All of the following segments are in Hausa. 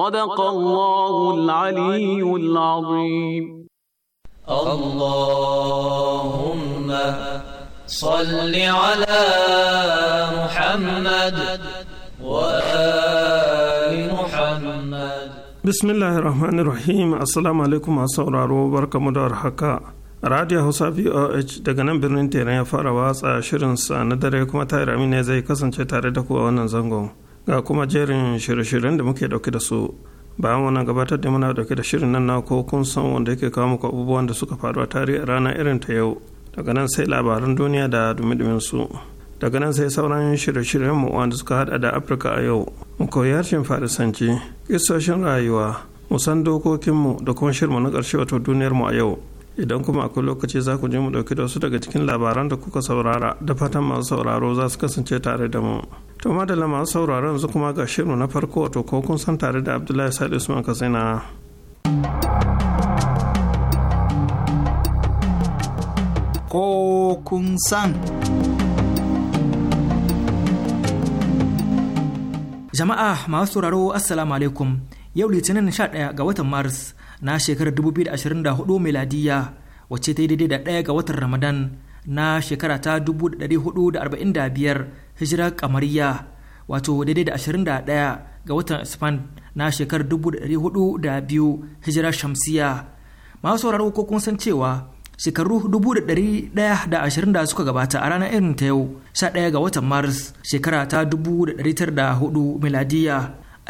صدق الله العلي العظيم اللهم صل على محمد وآل محمد بسم الله الرحمن الرحيم السلام عليكم sauraro barkamu da haka Radio Hausa VOH daga nan birnin Teran ya fara watsa shirinsa na dare kuma Tahir ne zai kasance tare da ku a wannan zangon. ga kuma jerin shirye-shiryen da muke dauke da su bayan wannan gabatar da muna dauke da shirin nan na ko kun san wanda yake kawo muku abubuwan da suka faru a tarihi a rana irin ta yau daga nan sai labaran duniya da dumi su daga nan sai sauran shirye-shiryen mu wanda suka hada da afirka a yau mu koyi harshen farisanci kisoshin rayuwa mu san dokokinmu da kuma shirmu na ƙarshe wato duniyar mu a yau idan kuma akwai lokaci za ku je mu ɗauki da wasu daga cikin labaran da kuka saurara da fatan masu sauraro za su kasance tare da mu to madalla masu sauraro yanzu kuma ga shirin na farko wato ko kun san tare da abdullahi sa'id usman katsina ko kun san jama'a masu sauraro assalamu alaikum yau litinin 11 ga watan maris na shekarar 2024 meladiya wacce ta yi daidai da ɗaya ga watan ramadan na shekara ta 1445 hijira kamariya wato daidai da 21 ga watan isfan na shekarar 1402 hijira shamsiya masu sauraro ko kun san cewa shekaru 1120 da suka gabata a ranar irin ta yau 11 ga watan maris shekara ta 1904 miladiya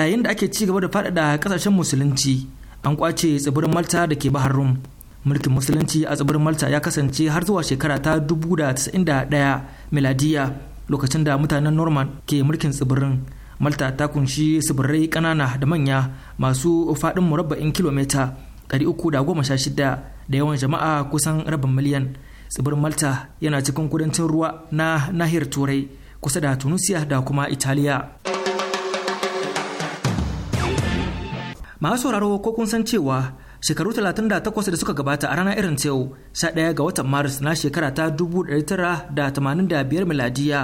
a yayin da ake ci gaba da faɗaɗa ƙasashen musulunci an kwace tsibirin malta da ke bahar rum mulkin musulunci a tsibirin malta ya kasance har zuwa shekara ta 1091 miladiya lokacin da mutanen norman ke mulkin tsibirin malta ta kunshi tsibirai ƙanana da manya masu faɗin murabba'in kilomita 316 da yawan jama'a kusan rabin miliyan tsibirin malta yana cikin kudancin ruwa na nahiyar turai kusa da tunisia da kuma italiya masu sauraro ko kun san cewa shekaru 38 da suka gabata a ranar irin yau 11 ga watan maris na shekara ta 1985 miladiya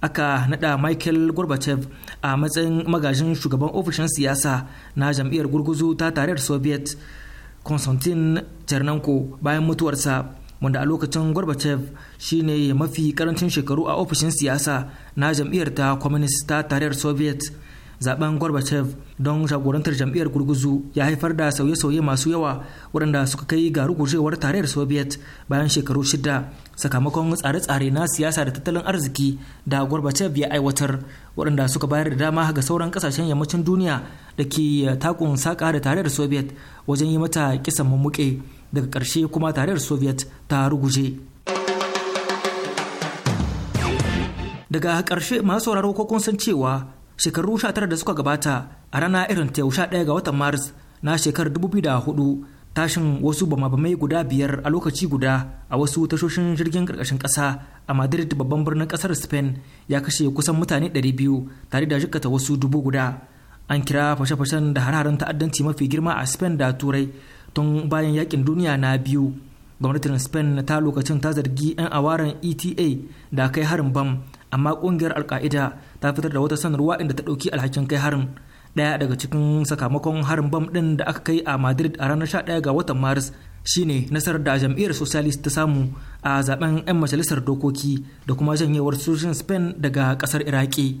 aka nada michael gorbachev a matsayin magajin shugaban ofishin siyasa na jam'iyyar gurguzu ta tarayyar soviet konstantin chernenko bayan mutuwarsa wanda a lokacin gorbachev shine mafi karancin shekaru a ofishin siyasa na jam'iyyar ta communist ta tarayyar soviet zaben gorbachev don jagorantar jam'iyyar gurguzu ya haifar da sauye-sauye masu yawa waɗanda suka kai ga rugujewar tarayyar soviet bayan shekaru shida sakamakon tsare-tsare na siyasa da tattalin arziki da gorbachev ya aiwatar waɗanda suka bayar da dama ga sauran ƙasashen yammacin duniya da ke takun saƙa da tarayyar soviet wajen yi mata kisan mummuke daga ƙarshe kuma tarayyar soviet ta ruguje. daga ƙarshe masu sauraro ko kun san cewa shekaru 19 da suka gabata a rana irin ta yau 11 ga watan maris na shekarar 2004 tashin wasu bamabamai guda biyar a lokaci guda a wasu tashoshin jirgin karkashin kasa a madrid babban birnin kasar spain ya kashe kusan mutane 200 tare da jikata wasu dubu guda an kira fashe-fashen da hararen ta'addanci mafi girma a spain da turai tun bayan yakin duniya na biyu gwamnatin spain ta lokacin ta zargi 'yan awaren eta da kai harin bam amma kungiyar alka'ida ta fitar da wata sanarwa inda ta dauki alhakin kai harin daya daga cikin sakamakon harin bam ɗin da aka kai a madrid a ranar 11 ga watan maris shine nasarar da jam'iyyar socialist ta samu a zaben 'yan majalisar dokoki da kuma janyewar sojin spain daga kasar iraki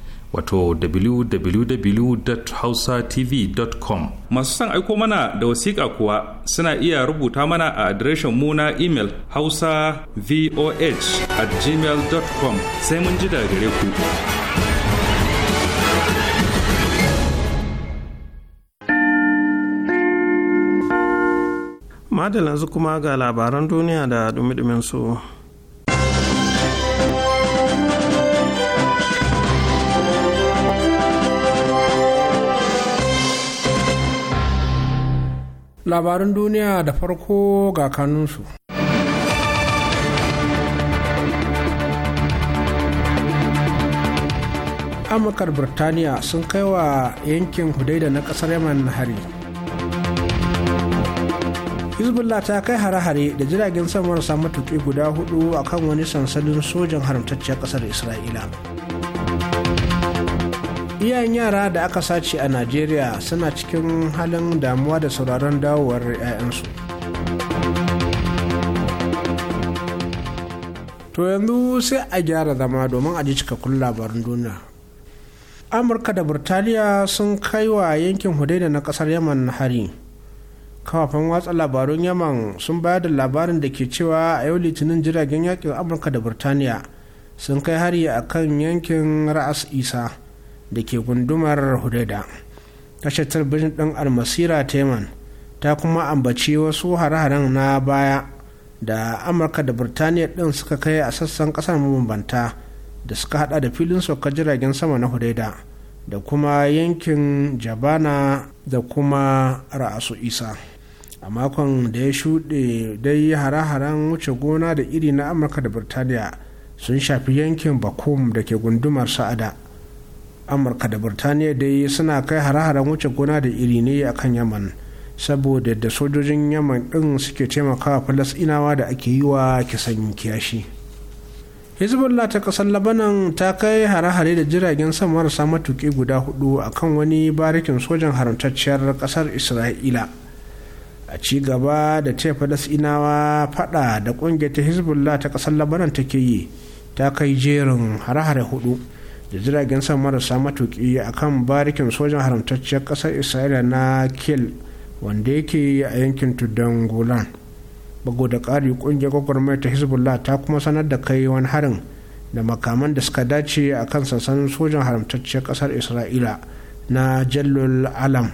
wato www.hausatv.com masu son aiko mana da wasiƙa kuwa suna iya rubuta mana a adireshin mu na imel hausa voh at gmail.com sai mun ji daga gare ku madalanzu kuma ga labaran duniya da dumi su. labarin duniya da farko ga kanunsu. amurkar birtaniya sun kai wa yankin hudaida na kasar yaman hari hezbollah ta kai hare-hare da jiragen sama marasa tuki guda hudu kan wani sansanin sojan haramtacciyar kasar isra'ila iyayen yara da aka sace a najeriya suna cikin halin damuwa da sauraron dawowar 'ya'yansu to yanzu sai a gyara zama domin a ji cikakkun labarin duniya amurka da burtaniya sun kai wa yankin hudaida na kasar yaman hari kafafen watsa labarun yaman sun bayar da labarin da ke cewa a yau litinin jiragen yakin amurka da burtaniya sun kai hari a kan yankin ra'as isa da ke gundumar hudaida tashar talabijin ɗin almasira teman ta kuma ambaci wasu hare-haren na baya da amurka da birtaniya ɗin suka kai a sassan ƙasar mabambanta da suka hada da filin saukar jiragen sama na hudaida da kuma yankin jabana da kuma ra'asu isa a makon da ya shuɗe dai hare-haren wuce gona da iri na amurka da birtaniya sun shafi yankin bakum da ke gundumar sa'ada amurka da birtaniya dai suna kai hare-haren wuce gona da iri ne a kan yaman saboda da sojojin yaman din suke taimakawa falasɗinawa da ake yi wa kisan kiyashi hezbollah ta ƙasar labanan ta kai hare-hare da jiragen sama marasa matuƙi guda hudu a kan wani barikin sojan haramtacciyar ƙasar isra'ila a ci gaba da taya falasɗinawa faɗa da ƙungiyar ta hezbollah ta ƙasar labanan take yi ta kai jerin hare-hare hudu da jiragen sama marasa matuki a kan barikin sojan haramtacciyar ƙasar isra'ila na kil wanda yake a yankin tuddan golan bugu da ƙari ƙungiyar gwagwarmai ta hezbollah ta kuma sanar da kai wani harin da makaman da suka dace a kan sansanin sojan haramtacciyar ƙasar isra'ila na jallul alam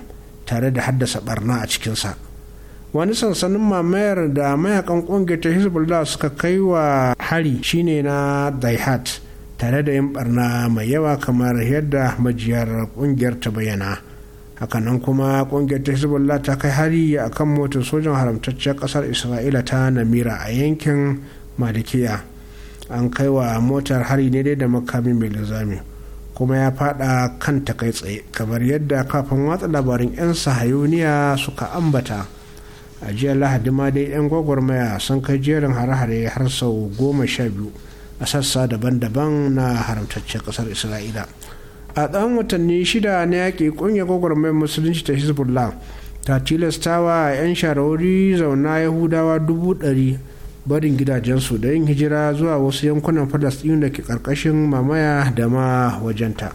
tare da haddasa barna a cikinsa wani sansanin mamayar da mayakan ƙungiyar ta hezbollah suka kai wa hari shine na daihat tare da yin barna mai yawa kamar yadda majiyar kungiyar ta bayyana nan kuma kungiyar ta hezbollah ta kai hari a kan motar sojan haramtaccen kasar isra'ila ta namira a yankin malikiya an kai wa motar hari ne dai da makami mai linzami kuma ya fada kanta kai tsaye kamar yadda kafin watsa labarin 'yan sahayuniya suka ambata a jiya lahadi ma dai 'yan gwagwarmaya sun kai jerin hare-hare har sau goma sha biyu a sassa daban-daban na haramtaccen ƙasar isra'ila a tsawon watanni shida na yaƙi ƙungiyar gwagwarmayar musulunci ta hezbollah ta tilastawa 'yan shawarwari zauna yahudawa dubu ɗari barin gidajensu da yin hijira zuwa wasu yankunan falastin da ke ƙarƙashin mamaya da ma wajenta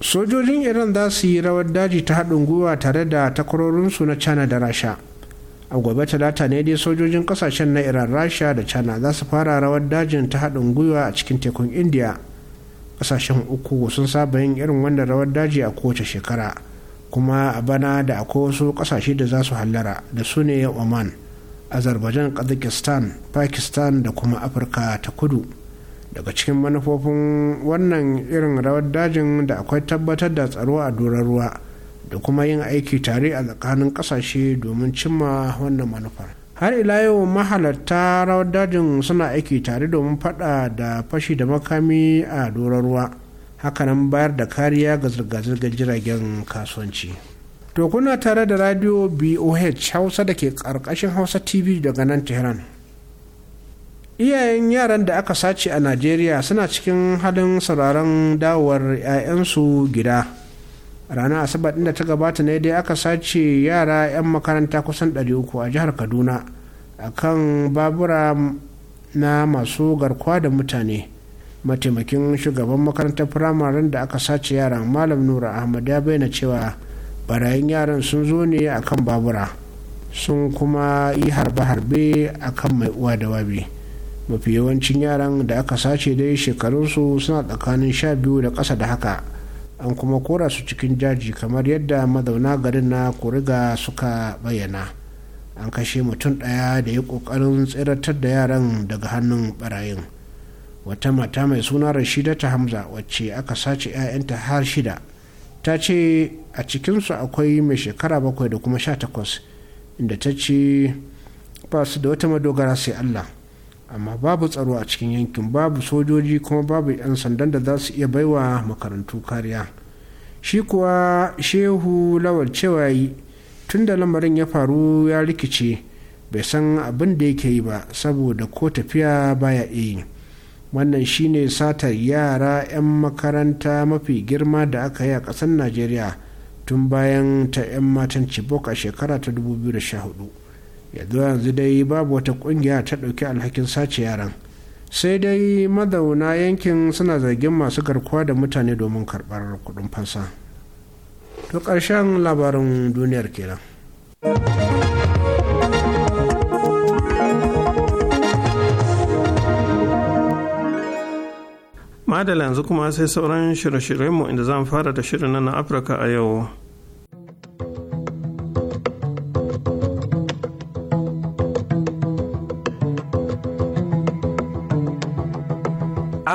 sojojin iran za su yi rawar daji ta haɗin gwiwa tare da takwarorinsu na china da rasha a gobe talata ne dai sojojin kasashen na iran rasha da china za su fara rawar dajin ta haɗin gwiwa a cikin tekun india kasashen uku sun saba yin irin wannan rawar daji a kowace shekara kuma a bana da akwai wasu kasashe da za su hallara da su ne oman azerbaijan kazakhstan pakistan da kuma afirka ta kudu daga cikin manufofin wannan irin rawar dajin da akwai tabbatar da tsaro a doron ruwa da kuma yin aiki tare a tsakanin kasashe domin cimma wannan manufar har ila yau mahalarta rawar dajin suna aiki tare domin fada da fashi da makami a doron ruwa hakanan bayar da kariya ga zirga-zirgar jiragen kasuwanci to kuna tare da radio boh hausa da ke karkashin hausa tv daga nan tehran iyayen yaran da aka sace a najeriya suna cikin halin sauraron dawowar 'ya'yansu gida ranar asabar da ta gabata ne dai aka sace yara 'yan makaranta kusan 300 a jihar kaduna a kan babura na masu garkuwa da mutane mataimakin shugaban makarantar firamaren da aka sace yara malam nura ahmad ya bayyana cewa barayin yaran sun zo ne a kan babura sun kuma yi harbe-harbe a kan mai uwa da wabi mafi yawancin yaran da aka sace dai shekarunsu suna tsakanin sha biyu da ƙasa da haka an kuma kora su cikin jaji kamar yadda mazauna garin na kuriga suka bayyana an kashe mutum ɗaya da ya ƙoƙarin tsiratar da yaran daga hannun barayin wata mata mai suna rashida ta hamza wacce aka sace 'ya'yanta har shida ta ce a cikinsu akwai mai shekara bakwai da kuma sha takwas inda ta ce ba su da wata madogara sai allah amma babu tsaro a cikin yankin babu sojoji kuma babu 'yan sandan da za su iya baiwa makarantu kariya shi kuwa shehu lawal cewa yi tun da lamarin ya faru ya rikice bai san abin da yake yi ba saboda ko tafiya baya iya wannan shine satar yara 'yan makaranta mafi girma da aka yi a ƙasar najeriya tun bayan ta 'yan matan chibok a shekara ta 2014 yanzu yanzu dai babu wata kungiya ta ɗauki alhakin sace yaran sai dai mazauna yankin suna zargin masu garkuwa da mutane domin karɓar kuɗin fansa to ƙarshen labarin duniyar kenan. madala yanzu kuma sai sauran shirye-shiryenmu inda zan fara da shirin na afirka a yau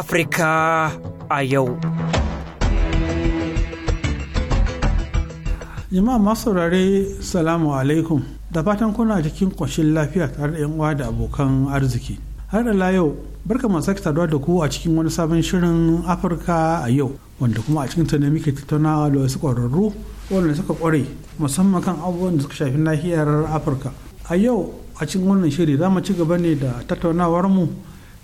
Afrika a yau. Jama'a masu saurare salamu alaikum da fatan kuna cikin ƙoshin lafiya tare da 'yan uwa da abokan arziki. Har da yau barka masu sake saduwa da ku a cikin wani sabon shirin Afirka a yau wanda kuma a cikin ne muke tattaunawa da wasu ƙwararru wanda suka ƙware musamman kan abubuwan da suka shafi nahiyar Afirka. A yau a cikin wannan shiri za mu ci gaba ne da tattaunawar mu.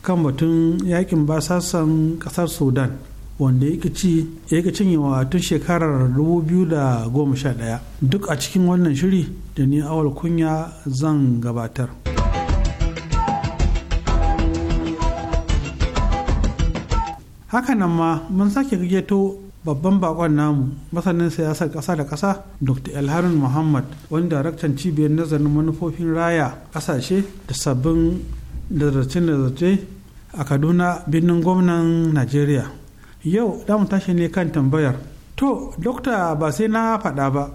kan batun yakin basasan kasar sudan wanda ya cinyewa tun shekarar 2011 duk a cikin wannan shiri da ni awal kunya zan gabatar hakanan ma mun sake gageto babban bakon namu masanin siyasar kasa da kasa dr elharun muhammad wani daraktan cibiyar nazarin manufofin raya ƙasashe da sabbin Da lalace zarce a kaduna birnin gwamnan najeriya yau damu tashi ne kan tambayar to dokta ba sai na faɗa ba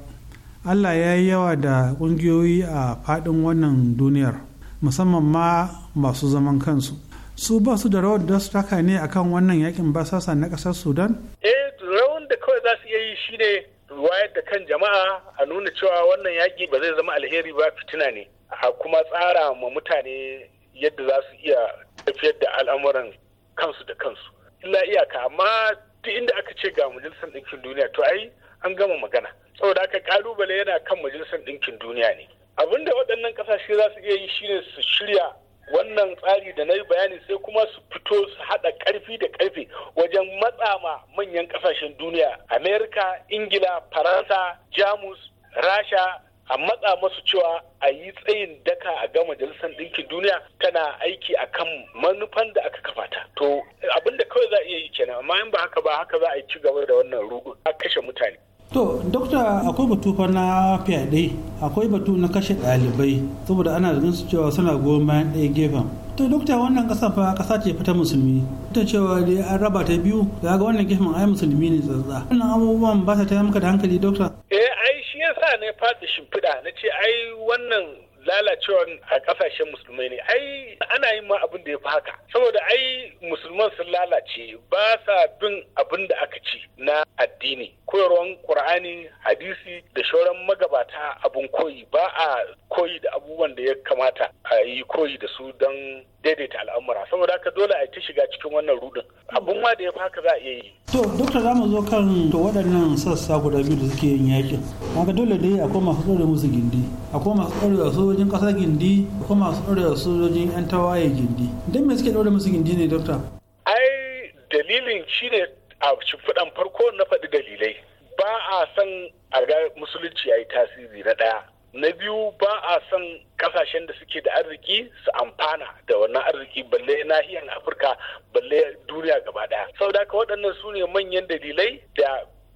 allah ya yi yawa da ƙungiyoyi a faɗin wannan duniyar musamman ma masu zaman kansu su ba su da rawar da su taka ne akan wannan yakin basasa na ƙasar sudan eh rawar da kawai za su iya yi shine wayar da kan jama'a a nuna cewa wannan yaƙi ba zai zama alheri ba fitina ne a kuma tsara ma mutane yadda za su iya tafiyar da al'amuran kansu da kansu illa iyaka amma duk inda aka ce ga majalisar ɗinkin duniya to ai an gama magana saboda haka kalubale yana kan majalisar ɗinkin duniya ne abin da waɗannan ƙasashe za su iya yi shine su shirya wannan tsari da na yi bayani sai kuma su fito su haɗa ƙarfi da ƙarfe wajen matsama manyan ƙasashen duniya amerika ingila faransa jamus rasha a matsa masu cewa a yi tsayin daka a ga majalisar ɗinkin duniya tana aiki a kan manufan da aka kafa ta to abin da kawai za a iya yi kenan amma in ba haka ba haka za a yi ci gaba da wannan rugu a kashe mutane to dokta akwai batu fa na fyaɗe akwai batu na kashe ɗalibai saboda ana da su cewa suna goma bayan ɗaya gefen to dokta wannan kasa fa kasa ce fita musulmi ta cewa dai an raba ta biyu da ga wannan gefen ai musulmi ne tsatsa wannan abubuwan ba sa ta maka da hankali dokta eh ai shi yasa ne faɗi shimfida na ce ai wannan lalacewan a kasashen musulmai ne ai ana yin ma abin da ya fi haka saboda ai musulman sun lalace ba sa bin abin da aka ci na addini koyarwan qur'ani hadisi da shauran magabata abin koyi ba a koyi da abubuwan da ya kamata a yi koyi da su don daidaita al'amura saboda haka dole a ta shiga cikin wannan rudin abun ma da ya fi haka za a iya yi to dokta za mu zo kan to waɗannan sassa guda biyu da suke yin yakin haka dole dai akwai masu da musu gindi akwai masu ɗaure sojojin ƙasa gindi akwai masu ɗaure sojojin 'yan tawaye gindi don me suke ɗaure masu gindi ne dokta ai dalilin shi ne a shimfiɗan farko na faɗi dalilai ba a san a musulunci ya yi tasiri na ɗaya na biyu ba a son ƙasashen da suke da arziki su amfana da wannan arziki balle nahiyar afirka balle duniya gaba daya saboda haka waɗannan su ne manyan dalilai da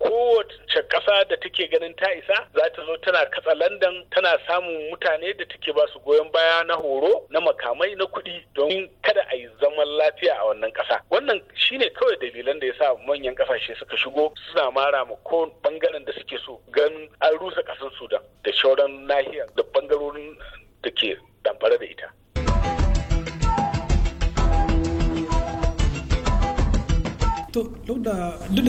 kowace ƙasa da take ganin ta isa za ta zo tana katsa landan tana samun mutane da take ba su goyon baya na horo na makamai na kuɗi don kada a yi zaman lafiya a wannan ƙasa wannan shine kawai dalilan da ya sa manyan ƙasashe suka shigo suna mara ma ko bangaren da suke so gan an rusa ƙasar sudan da shauran nahiyar da bangarorin da ke damfara da ita to duk da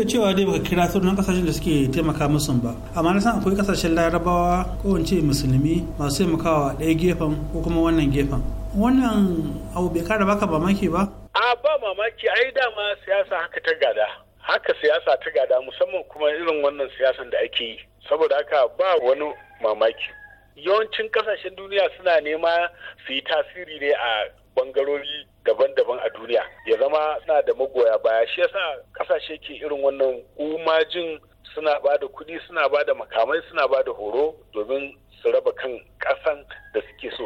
cewa dai baka kira sunan kasashen da suke taimaka musu ba amma na san akwai kasashen larabawa ko in musulmi masu taimakawa ɗaya gefen ko kuma wannan gefen wannan abu bai kara baka mamaki ba a ba mamaki ai dama siyasa haka ta gada haka siyasa ta gada musamman kuma irin wannan siyasan da ake yi saboda haka ba wani mamaki yawancin kasashen duniya suna nema su yi tasiri ne a bangarori daban-daban a duniya ya zama suna da magoya baya shi yasa kasashe ke irin wannan umajin suna ba da kuɗi suna ba da makamai suna ba da horo domin su raba kan ƙasan da suke so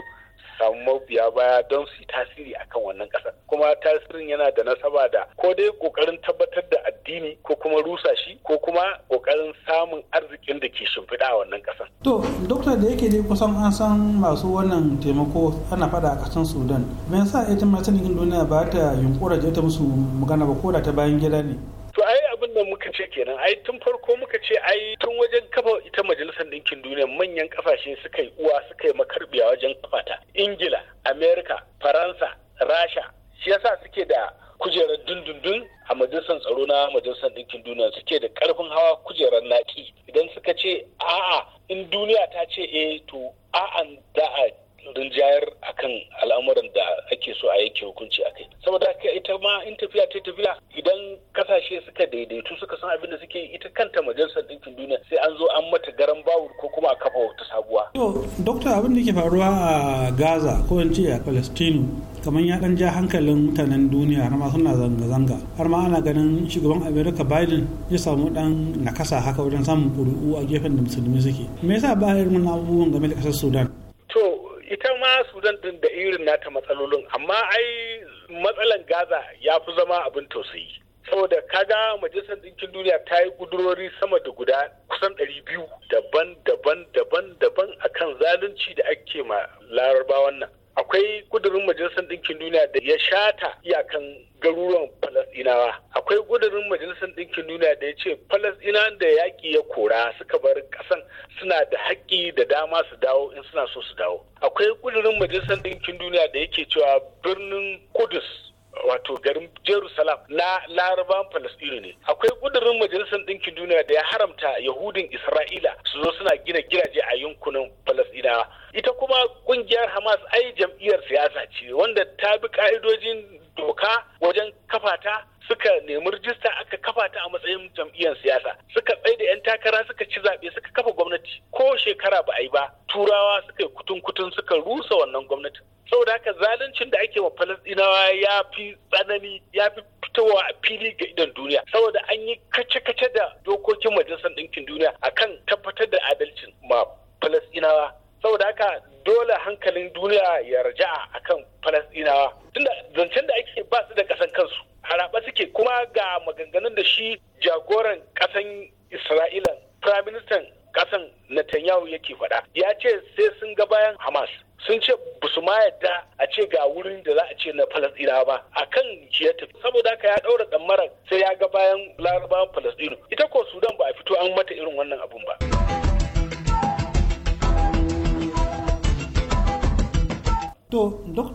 samu mabiya baya don su yi tasiri akan wannan kasar kuma tasirin yana da nasaba da ko dai kokarin tabbatar da addini ko kuma rusa shi ko kuma ƙoƙarin samun arzikin da ke shimfiɗa a wannan kasar to dokta da yake dai kusan an san masu wannan taimako ana faɗa a kasar sudan me yasa ita masu duniya ba ta je ta musu magana ba ko da ta bayan gida ne. To ai abin da muka ce kenan ai tun farko muka ce ai tun wajen kafa ita majalisar ɗinkin duniya manyan kafashe suka yi uwa suka yi makarbiya wajen kafa ta. Ingila, Amerika, Faransa, Rasha shi yasa suke da kujerar dundundun a majalisar tsaro na majalisar ɗinkin duniya suke da ƙarfin hawa kujerar naki, idan suka ce a'a in duniya ta ce eh to a'a da rinjayar akan al'amuran da ake so a yake hukunci a kai saboda haka ita ma in tafiya ta tafiya idan kasashe suka daidaitu suka san abin da suke ita kanta majalisar ɗinkin duniya sai an zo an mata garan bawul ko kuma a kafa wata sabuwa. to doctor abin da ke faruwa a gaza ko in ce a palestino kamar ya dan ja hankalin mutanen duniya har ma suna zanga-zanga har ma ana ganin shugaban america biden ya samu dan nakasa haka wajen samun ƙuri'u a gefen da musulmi suke me yasa ba irin abubuwan game da ƙasar sudan to ita ma sudan din da irin nata matsalolin amma ai matsalan gaza ya fi zama abin tausayi saboda kaga majalisar ɗinkin duniya ta yi ƙudurori sama da guda kusan ɗari biyu daban daban daban daban akan zalunci da ake ma larabawan nan akwai kudurin majalisar ɗinkin duniya da ya shata iyakan garuruwan falasɗinawa akwai kudurin majalisar ɗinkin duniya da ya ce falasɗinawan da yaƙi ya kora suka bar ƙasan suna da haƙƙi da dama su dawo in suna so su dawo akwai kudurin majalisar ɗinkin duniya da yake cewa birnin kudus wato garin jerusalem na laraban falastinu ne akwai kudurin majalisar ɗinkin duniya da ya haramta yahudin isra'ila su zo suna gina gidaje a yankunan falastinawa ita kuma kungiyar hamas ai jam'iyyar siyasa ce wanda ta bi ka'idojin doka wajen kafata suka nemi rijista aka kafa ta a matsayin jam'iyyar siyasa suka tsaye da 'yan takara suka ci zaɓe suka kafa gwamnati ko shekara ba a yi ba turawa suka yi kutun kutun suka rusa wannan gwamnati saboda haka zaluncin da ake wa falastinawa ya fi tsanani ya fi fitowa a fili ga idan duniya saboda an yi kace-kace da dokokin majalisar ɗinkin duniya akan tabbatar da adalcin ma falastinawa saboda haka dole hankalin duniya ya raja'a akan falasdinawa tunda zancen da ake ba su da kasan kansu haraba suke kuma ga maganganun da shi jagoran kasan isra'ila firaministan kasan netanyahu yake faɗa ya ce sai sun ga bayan hamas sun ce ba su ma yadda a ce ga wurin da za a ce na falasɗinawa ba a kan ya saboda haka ya ɗaura ɗamarar sai ya ga bayan larabawan falasɗinu ita ko sudan ba a fito an mata irin wannan abun ba.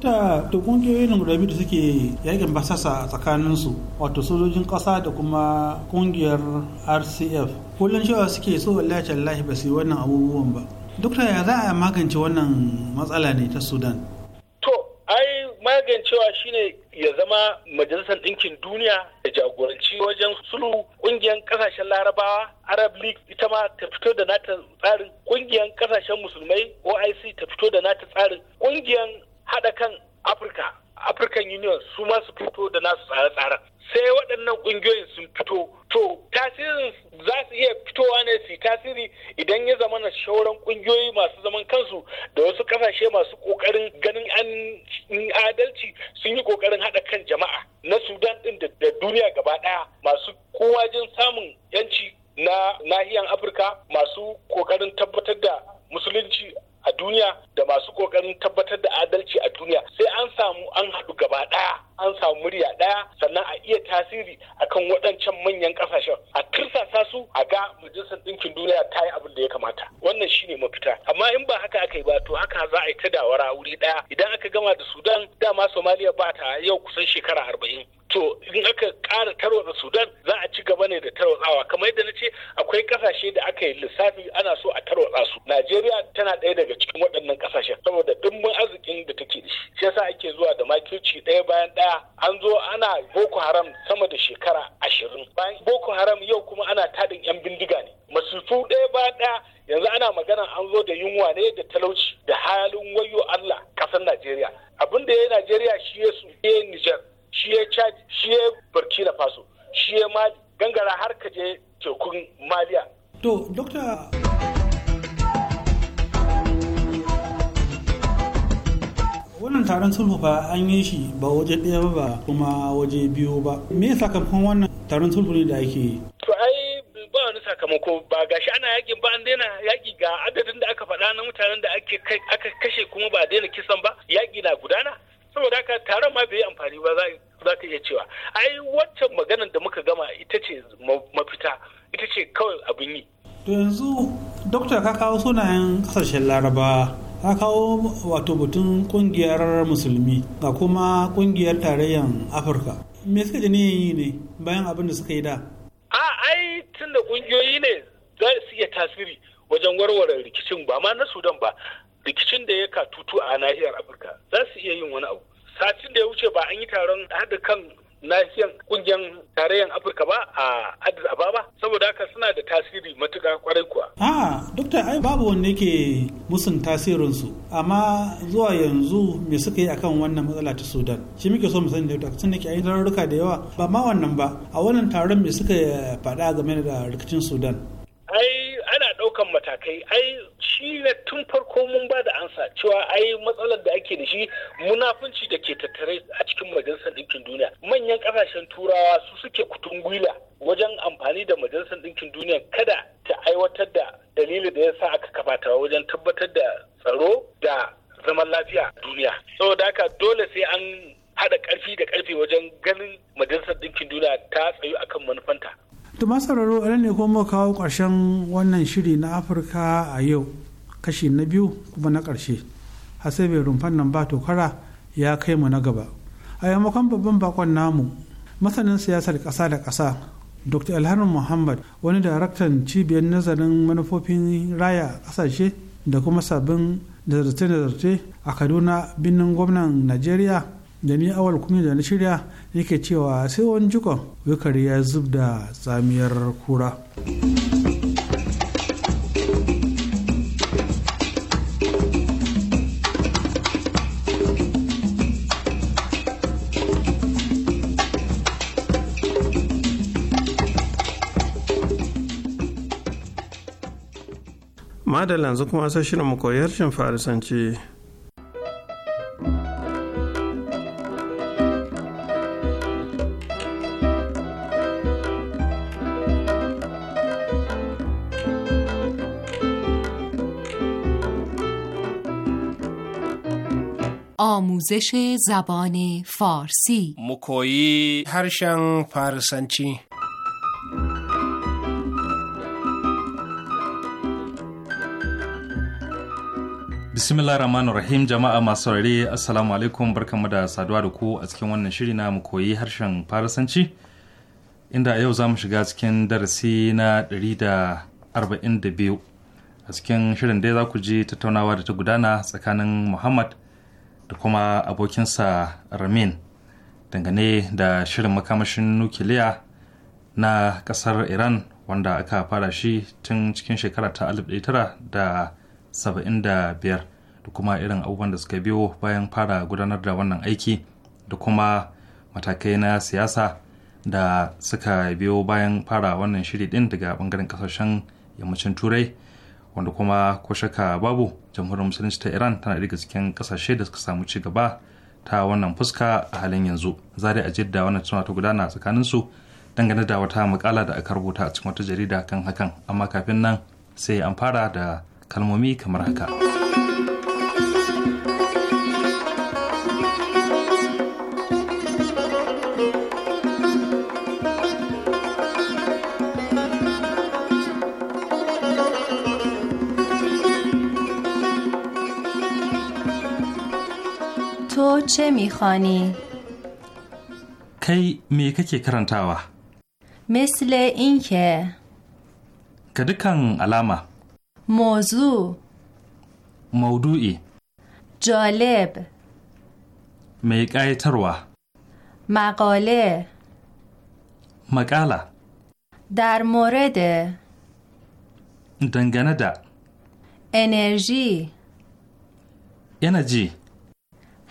ta to kungiyoyin guda biyu da suke yakin basasa a tsakaninsu wato sojojin ƙasa da kuma kungiyar rcf kullum cewa suke so wallahi lahi ba su yi wannan abubuwan ba duk ya za a magance wannan matsala ne ta sudan to ai magancewa shine ya zama majalisar ɗinkin duniya da jagoranci wajen sulhu ƙungiyar ƙasashen larabawa arab league ita ma ta fito da nata tsarin ƙungiyar ƙasashen musulmai oic ta fito da nata tsarin kungiyar haɗa kan afirka afirkan union su ma su fito da nasu tsare-tsaren sai waɗannan ƙungiyoyin sun fito to tasirin za su iya fitowa ne su tasiri idan ya zama na shauran ƙungiyoyi masu zaman kansu da wasu ƙasashe masu ƙoƙarin ganin an adalci sun yi ƙoƙarin haɗa kan jama'a na sudan ɗin da duniya gaba ɗaya masu kowajin samun yanci na nahiyar afirka masu ƙoƙarin tabbatar da musulunci a duniya da masu kokarin tabbatar da adalci a duniya sai an samu an haɗu gaba ɗaya an samu murya ɗaya sannan a iya tasiri akan waɗancan manyan ƙasashen a kirsasa su a ga majalisar ɗinkin duniya ta yi abin da ya kamata wannan shine mafita amma in ba haka aka yi ba to haka za a yi ta dawara wuri ɗaya idan aka gama da sudan dama somaliya ba ta yau kusan shekara arba'in to in aka ƙara tarwatsa sudan za a ci gaba ne da tarwatsawa kamar yadda na ce akwai ƙasashe da aka yi lissafi ana so a tarwatsa su najeriya tana ɗaya daga cikin waɗannan ƙasashen saboda ɗimbin arzikin da take da shi shi yasa ake zuwa da makirci ɗaya bayan ɗaya daya an zo ana boko haram sama da shekara ashirin bayan boko haram yau kuma ana tadin yan bindiga ne masufu ɗaya ba ɗaya yanzu ana magana an zo da yunwa ne da talauci da halin wayo Allah ƙasar Najeriya abin da ya yi Najeriya shi ya su ya nijar shi ya Chad shi ya Burkina Faso shi ya Mali gangara har ka je tekun Maliya to dokta wannan taron sulhu fa an yi shi ba waje ɗaya ba ba kuma waje biyu ba me ya sakamakon wannan taron sulhu ne da ake yi to ai ba wani sakamako ba gashi ana yaƙin ba an daina yaki ga adadin da aka faɗa na mutanen da ake aka kashe kuma ba daina kisan ba yaki na gudana saboda haka taron ma bai yi amfani ba za ka iya cewa ai waccan maganar da muka gama ita ce mafita ita ce kawai abin yi to yanzu dokta ka kawo sunayen kasashen larabawa. ka kawo wato batun kungiyar musulmi ga kuma kungiyar tarayyar afirka me suka ji yi ne bayan abin da suka yi da a ai tun da kungiyoyi ne za su iya tasiri wajen warware rikicin ba ma na sudan ba rikicin da ya ka tutu a nahiyar afirka za su iya yin wani abu satin da ya wuce ba an yi taron haɗa kan nahiyar kungiyar tarayyar afirka ba a addis ababa saboda haka suna da tasiri matuka kwarai kuwa a dokta ai babu wanda yake musun tasirinsu amma zuwa yanzu me suka yi akan wannan matsala ta sudan shi muke so mu sani da sun nake ayi tarurruka da yawa ba ma wannan ba a wannan taron me suka faɗa game da rikicin sudan ai kai ai shi ne tun farko mun ba da ansa cewa ai matsalar da ake da shi munafunci da ke tattare a cikin majalisar ɗinkin duniya manyan ƙasashen turawa su suke kutun gwila wajen amfani da majalisar ɗinkin duniya kada ta aiwatar da dalili da ya sa aka kafata wajen tabbatar da tsaro da zaman lafiya a duniya saboda haka dole sai an haɗa ƙarfi da ƙarfi wajen ganin majalisar ɗinkin duniya ta tsayu akan manufanta to masararo ran ne kuma kawo ƙarshen wannan shiri na afirka a yau kashi na biyu kuma na ƙarshe sai bai rumfan nan ba tokara ya kai mu na gaba a yammakon babban bakon namu masanin siyasar ƙasa da ƙasa dr alharin muhammad wani daraktan cibiyar nazarin manufofin raya kasashe da kuma sabbin da zarce-zarce a kaduna birnin gwamnan najeriya da ni awal kunya da na shirya yake cewa sai wani jikon wikari ya zub da tsamiyar kura madalla yanzu kuma sai shirin mu koyar shin farisanci آموزش زبان فارسی مکویی هرشن فارسنچی bismillah rahman rahim jama'a masu saurare assalamu alaikum barkamu da saduwa da ku a cikin wannan shiri na mu koyi harshen farasanci inda yau za mu shiga cikin darasi na ɗari da biyu. a cikin shirin dai za ku ji tattaunawa da ta gudana tsakanin muhammad da kuma abokinsa ramin dangane da shirin makamashin nukiliya na kasar iran wanda aka fara shi tun cikin shekara ta 1975 da kuma irin abubuwan da suka biyo bayan fara gudanar da wannan aiki da kuma matakai na siyasa da suka biyo bayan fara wannan shiri din daga bangaren kasashen yammacin turai wanda kuma ko shaka babu jamhuriyar musulunci ta iran tana daga cikin kasashe da suka samu ci gaba ta wannan fuska a halin yanzu za a da wannan tuna ta gudana tsakanin su dangane da wata makala da aka rubuta a cikin wata jarida kan hakan amma kafin nan sai an fara da kalmomi kamar haka. چه میخوانی؟ کی می ککی کرنتاوا مثل اینکه که دکان علامه موضوع موضوعی جالب میکه تروه مقاله مقاله در مورد دنگنه دا انرژی انرژی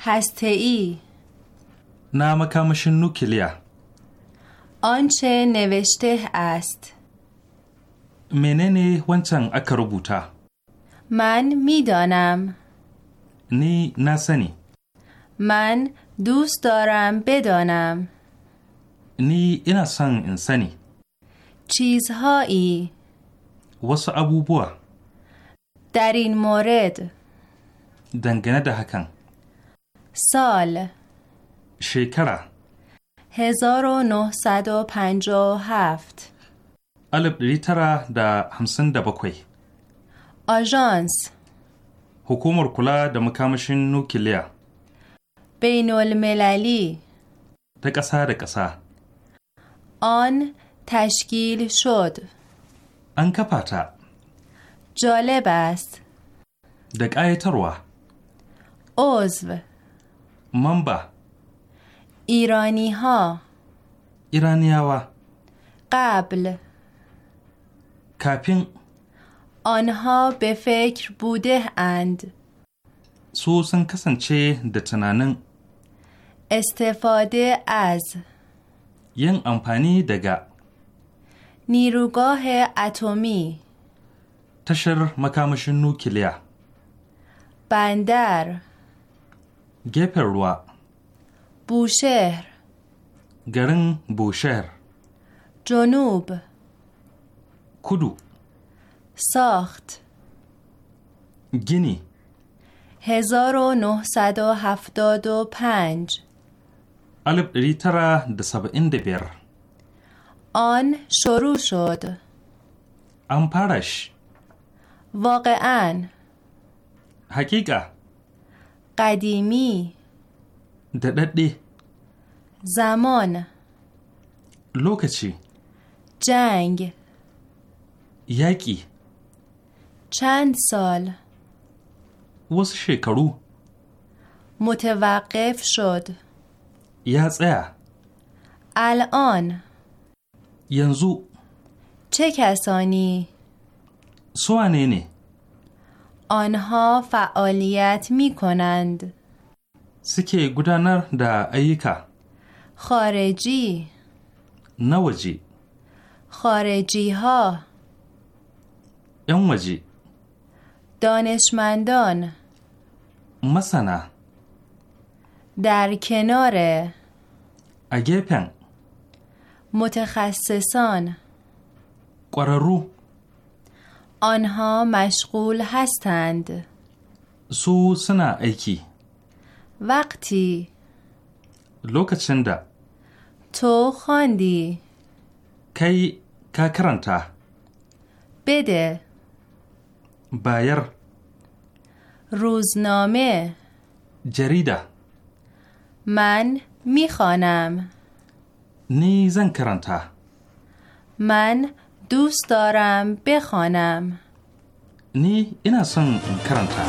هسته‌ای نه مکامش نوکلیا آنچه نوشته است مننه ونچن اکا من میدانم نی نسنی من دوست دارم بدانم نی اینا سن انسانی چیزهایی وس ابوبوا در این مورد دنگنه ده هکن سال شکره 1957 هفت. دری دا همسن دا بکوی آژانس حکوم کلا دا مکامشن کلیا بین المللی تا کسا آن تشکیل شد انکپاتا. جالب است دک روح عضو منبع ایرانی ها ایرانی قبل کپین آنها به فکر بوده اند سو کسن چه دتنانن استفاده از ین امپانی دگا نیروگاه اتمی تشر مکامش نوکلیا بندر گپروا بوشهر گرن بوشهر جنوب کدو ساخت گینی 1975 و پنج ترا ریترا بیر آن شروع شد امپارش واقعا حقیقه قدیمی دددی زمان لوکچی جنگ یکی چند سال وس شکرو متوقف شد یا الان ینزو چه کسانی سوانه آنها فعالیت می کنند سکه گودانر دا ایکا خارجی نوجی خارجی ها اموجی دانشمندان مسنا در کنار پن متخصصان قرارو آنها مشغول هستند سو سنا ایکی وقتی لوکچن تو خواندی کی کا بده بایر روزنامه جریده من میخوانم نی زن کرنتا من دوست دارم بخوانم. نی اینا سن کرانتا.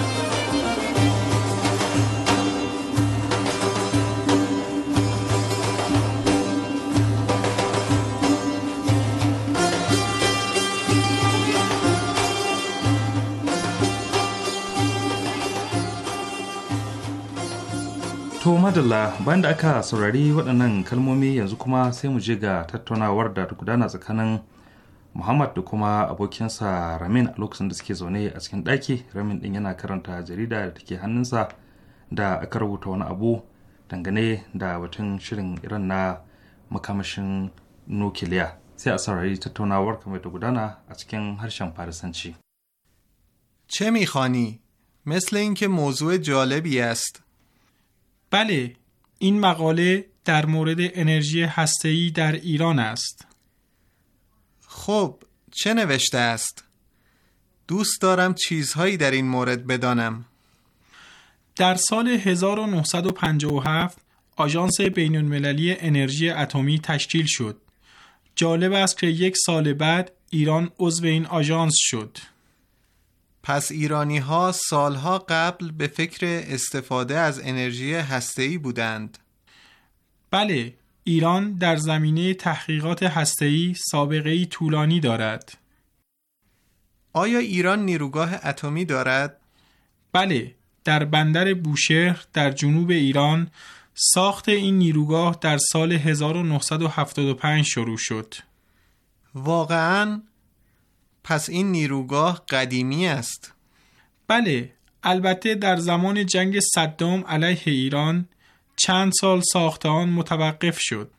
To madalla bayan da aka saurari waɗannan kalmomi yanzu kuma sai mu je ga tattaunawar da ta gudana tsakanin muhammad da kuma abokinsa ramin a lokacin da suke zaune a cikin ɗaki ramin ɗin yana karanta jarida da take hannunsa da aka rubuta wani abu dangane da batun shirin iran na makamashin nukiliya sai a saurari tattaunawar kamar da gudana a cikin harshen farisanci چه میخوانی؟ مثل اینکه موضوع جالبی است. بله، این مقاله در مورد انرژی هسته‌ای در ایران است. خب چه نوشته است؟ دوست دارم چیزهایی در این مورد بدانم. در سال 1957 آژانس المللی انرژی اتمی تشکیل شد. جالب است که یک سال بعد ایران عضو این آژانس شد. پس ایرانی ها سالها قبل به فکر استفاده از انرژی هسته‌ای بودند. بله، ایران در زمینه تحقیقات هسته‌ای ای طولانی دارد. آیا ایران نیروگاه اتمی دارد؟ بله، در بندر بوشهر در جنوب ایران ساخت این نیروگاه در سال 1975 شروع شد. واقعا پس این نیروگاه قدیمی است. بله، البته در زمان جنگ صدام علیه ایران چند سال ساخت آن متوقف شد.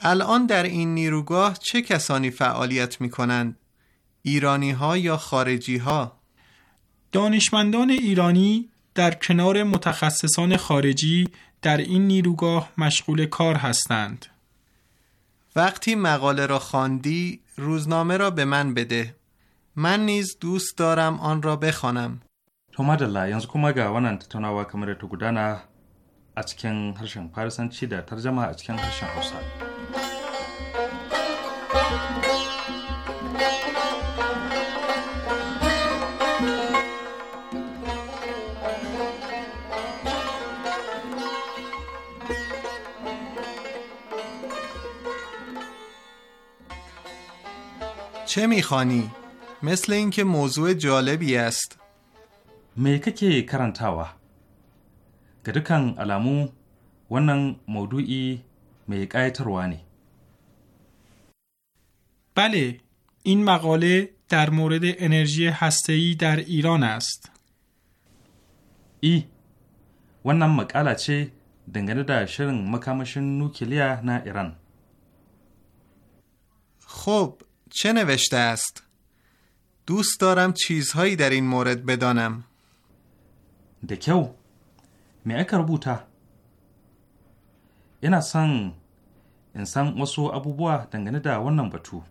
الان در این نیروگاه چه کسانی فعالیت می کنند؟ ایرانی ها یا خارجی ها؟ دانشمندان ایرانی در کنار متخصصان خارجی در این نیروگاه مشغول کار هستند. وقتی مقاله را خواندی روزنامه را به من بده. من نیز دوست دارم آن را بخوانم. تو مدلا یانز a cikin harshen farisanci da tarjama a cikin harshen hausa چه میخوانی؟ مثل اینکه موضوع جالبی است. می ککی کرنتاوه هکن الامو ون مدوی میکایت روانی. بله این مقاله در مورد انرژی هسته ای در ایران است ای ون مکاله چه دنگنه دا شرین مکامشن نوکلیه نه ایران خب چه نوشته است دوست دارم چیزهایی در این مورد بدانم دکو me aka rubuta ina son in san wasu abubuwa dangane da wannan batu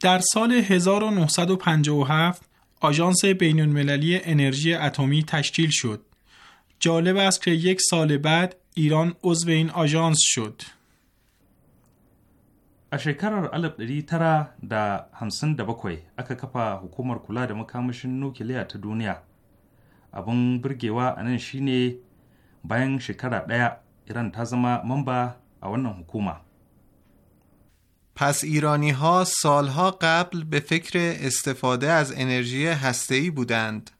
در سال 1957 آژانس بین المللی انرژی اتمی تشکیل شد. جالب است که یک سال بعد ایران عضو این آژانس شد. a shekarar 1957 aka kafa hukumar kula da makamashin nukiliya ta duniya abin burgewa a nan shine bayan shekara ɗaya iran ta zama mamba a wannan hukuma پس ایرانی ها سالها قبل به فکر استفاده از انرژی هسته ای بودند.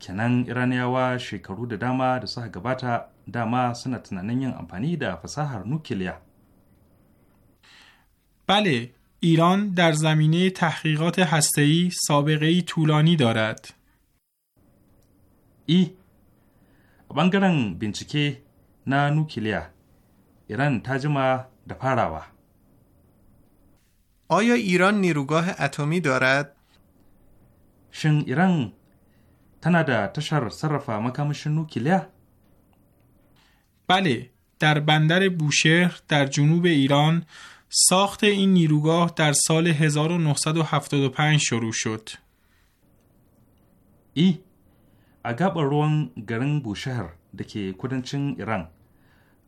کنن ها شکرو ده داما ده سه گباتا داما سنت تنانین ین امپانی ده فساهر نوکلیا. بله، ایران در زمینه تحقیقات ای سابقه ای طولانی دارد. ای a ɓangaren bincike na nukiliya iran ta jima da آیا ایران نیروگاه اتمی دارد؟ شن ایران تنها تشر صرف مکامش نوکیلیا؟ بله در بندر بوشهر در جنوب ایران ساخت این نیروگاه در سال 1975 شروع شد. ای a gabar ruwan garin bushehar da ke kudancin iran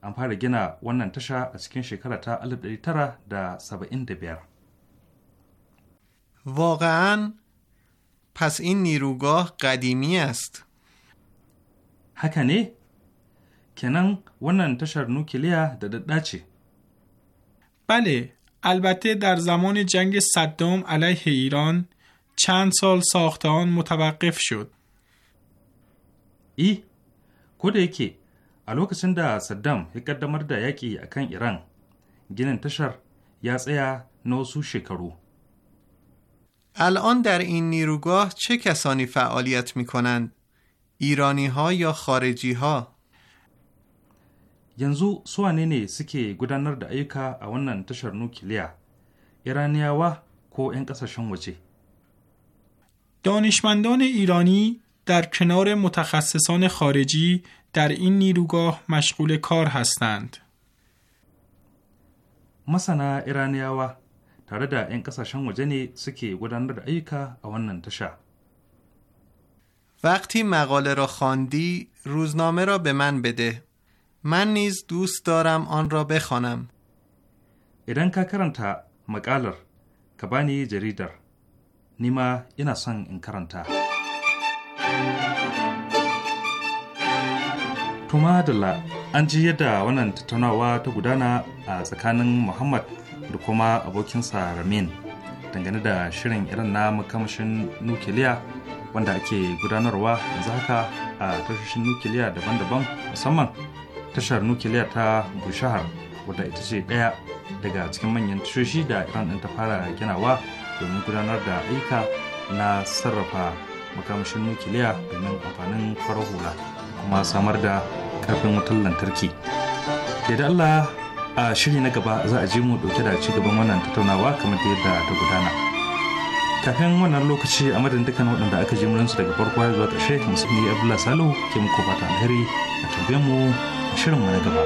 an fara gina wannan tasha a cikin shekara ta 1975 واقعا پس این نیروگاه قدیمی است haka ne kenan wannan tashar nukiliya da dadda ce بله البته در زمان جنگ صدام علیه ایران چند سال ساخت آن متوقف شد E, ko da yake a lokacin da Saddam ya ƙaddamar da yaƙi a kan Iran, ginin tashar ya tsaya na wasu shekaru. الان در این نیروگاه چه کسانی فعالیت می کنند؟ ایرانی ها یا خارجی ها؟ ینزو سوانه نه سکه گدانر دا ایوکا اوانن تشر نوکیلیا ایرانیاوا کو این قصاشن وجه دانشمندان ایرانی در کنار متخصصان خارجی در این نیروگاه مشغول کار هستند. مثلا ایرانیاوا تره در این قصاشان سکی و در ایکا اوانن تشا. وقتی مقاله را خواندی روزنامه را به من بده. من نیز دوست دارم آن را بخوانم. ایران که کرن تا مقالر بانی جریدر. نیما اینا سنگ این کرن تا. Tuma Dalla an ji yadda wannan tattaunawa ta gudana a tsakanin Muhammad da kuma abokinsa Ramin dangane da shirin irin na makamashin nukiliya wanda ake gudanarwa yanzu haka a tashoshin nukiliya daban-daban musamman tashar nukiliya ta Bushahar wadda ita ce ɗaya daga cikin manyan tashoshi da Iran ɗin ta fara ginawa domin gudanar da aika na sarrafa makamashin nukiliya domin amfanin farar hula kuma samar da karfin wutar lantarki da allah a shiri na gaba za a ji mu ɗauke da ci gaban wannan tattaunawa kamar da yadda ta gudana kafin wannan lokaci a madadin dukkan waɗanda aka ji murinsu daga farko zuwa ƙarshe yi abdullahi salo ke muku fata alheri a tambaye mu a shirin mu na gaba.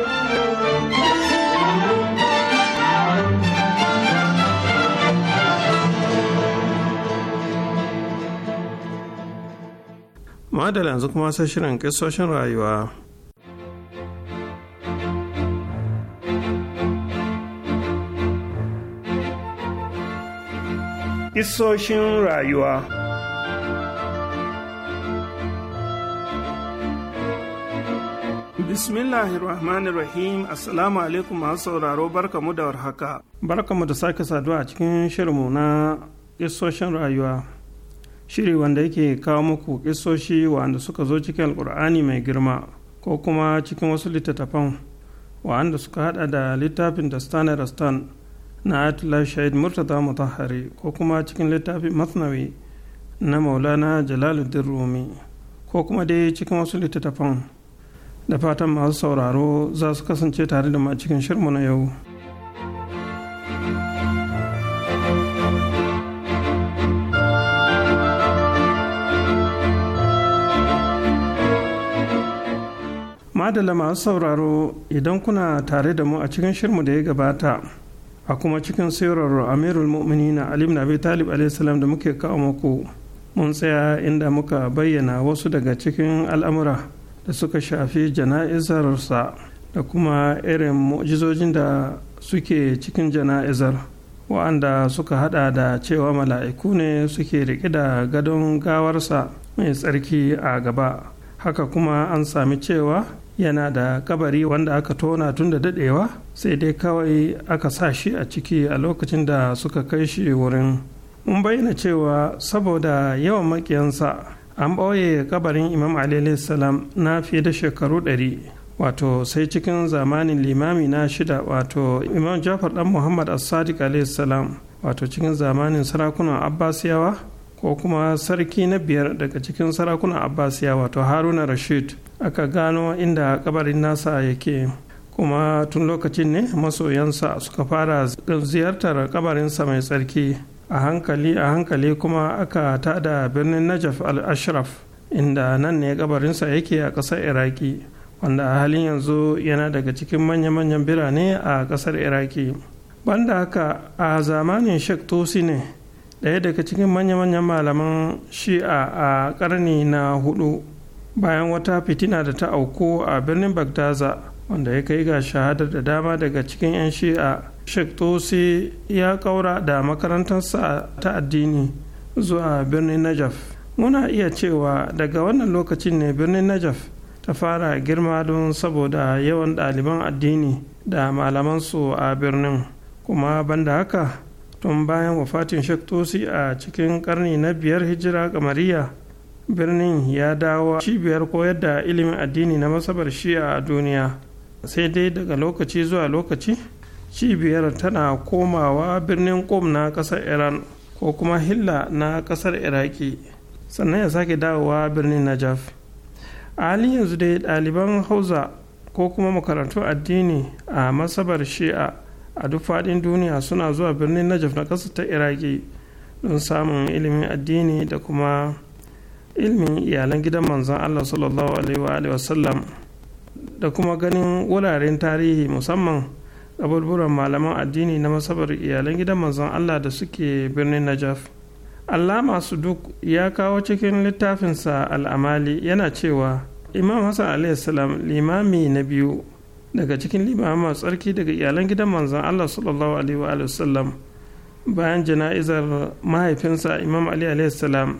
madala yanzu kuma sai shirin kisoshin rayuwa isoshin rayuwa Bismillahirrahmanirrahim Assalamu alaikum masu sauraro barkamu da warhaka. Barkamu da sake saduwa a cikin shirinmu na isoshin rayuwa. shiri wanda yake kawo muku kisoshi wanda suka zo cikin alkur'ani mai girma ko kuma cikin wasu littattafan wa'anda suka hada da littafin da dastan rastan na atula shahid murtada mutahari ko kuma cikin littafin masnawi na maulana jalaluddin rumi ko kuma dai cikin wasu littattafan da fatan masu sauraro za su kasance tare da ma cikin shirmu na yau. madala masu sauraro idan kuna tare da mu a cikin shirmu da ya gabata a kuma cikin sirar amirul na alim nabi talib alaihissalam da muke kawo muku mun tsaya inda muka bayyana wasu daga cikin al'amura da suka shafi jana'izar sa da kuma irin mu'jizojin da suke cikin jana'izar wa'anda suka hada da cewa mala'iku ne suke riƙe da gadon gawarsa mai tsarki a gaba haka kuma an sami cewa yana da kabari wanda aka tona tun da dadewa sai dai kawai aka sa shi a ciki a lokacin da suka kai shi wurin mun bayyana cewa saboda yawan makiyansa an ɓoye kabarin imam ali salam na fiye da shekaru ɗari wato sai cikin zamanin limami na shida wato imam jafar ɗan muhammad as-sadiq salam wato cikin zamanin sarakunan abbasiyawa ko kuma sarki na biyar daga cikin sarakunan abbasiya wato haruna rashid aka gano inda kabarin nasa yake kuma tun lokacin ne masoyansa suka fara ziyartar kabarinsa mai tsarki a hankali a hankali kuma aka tada birnin najaf al-ashraf inda nan ne kabarinsa yake a ƙasar iraki wanda a halin yanzu yana daga cikin manya-manyan birane a ƙasar iraki banda haka a zamanin shek tosi ne ɗaya daga cikin manya-manyan malaman shi'a a karni na hudu bayan wata fitina da ta auku a birnin bagdaza wanda ya kai ga shahadar da dama daga cikin 'yan shi'a sheikh tosi ya kaura da makarantarsa ta addini zuwa birnin najaf muna iya cewa daga wannan lokacin ne birnin najaf ta fara girma don saboda yawan ɗaliban addini da malamansu a birnin kuma banda haka tun bayan wafatin shaktosi a cikin karni na biyar hijira kamariya birnin ya dawo cibiyar koyar da ilimin addini na masabar shi'a a duniya sai dai daga lokaci zuwa lokaci cibiyar tana komawa birnin kom na kasar iran ko kuma hilla na kasar iraki sannan ya sake dawowa birnin najaf a halin yanzu dai ɗaliban hausa ko kuma makarantun addini a masabar shi'a a duk faɗin duniya suna zuwa birnin najaf na ƙasar ta iraki don samun ilimin addini da kuma ilimin iyalan gidan manzon allah sallallahu alaihi sallam da kuma ganin wuraren tarihi musamman kaburburan malaman addini na masabar iyalan gidan manzon allah da suke birnin najaf allama duk ya kawo cikin littafinsa al'amali yana cewa imam hassan salam limami na biyu daga cikin limama masu tsarki daga iyalan gidan manzan Allah sallallahu alaihi wa sallam bayan jana'izar mahaifinsa Imam Ali alaihi salam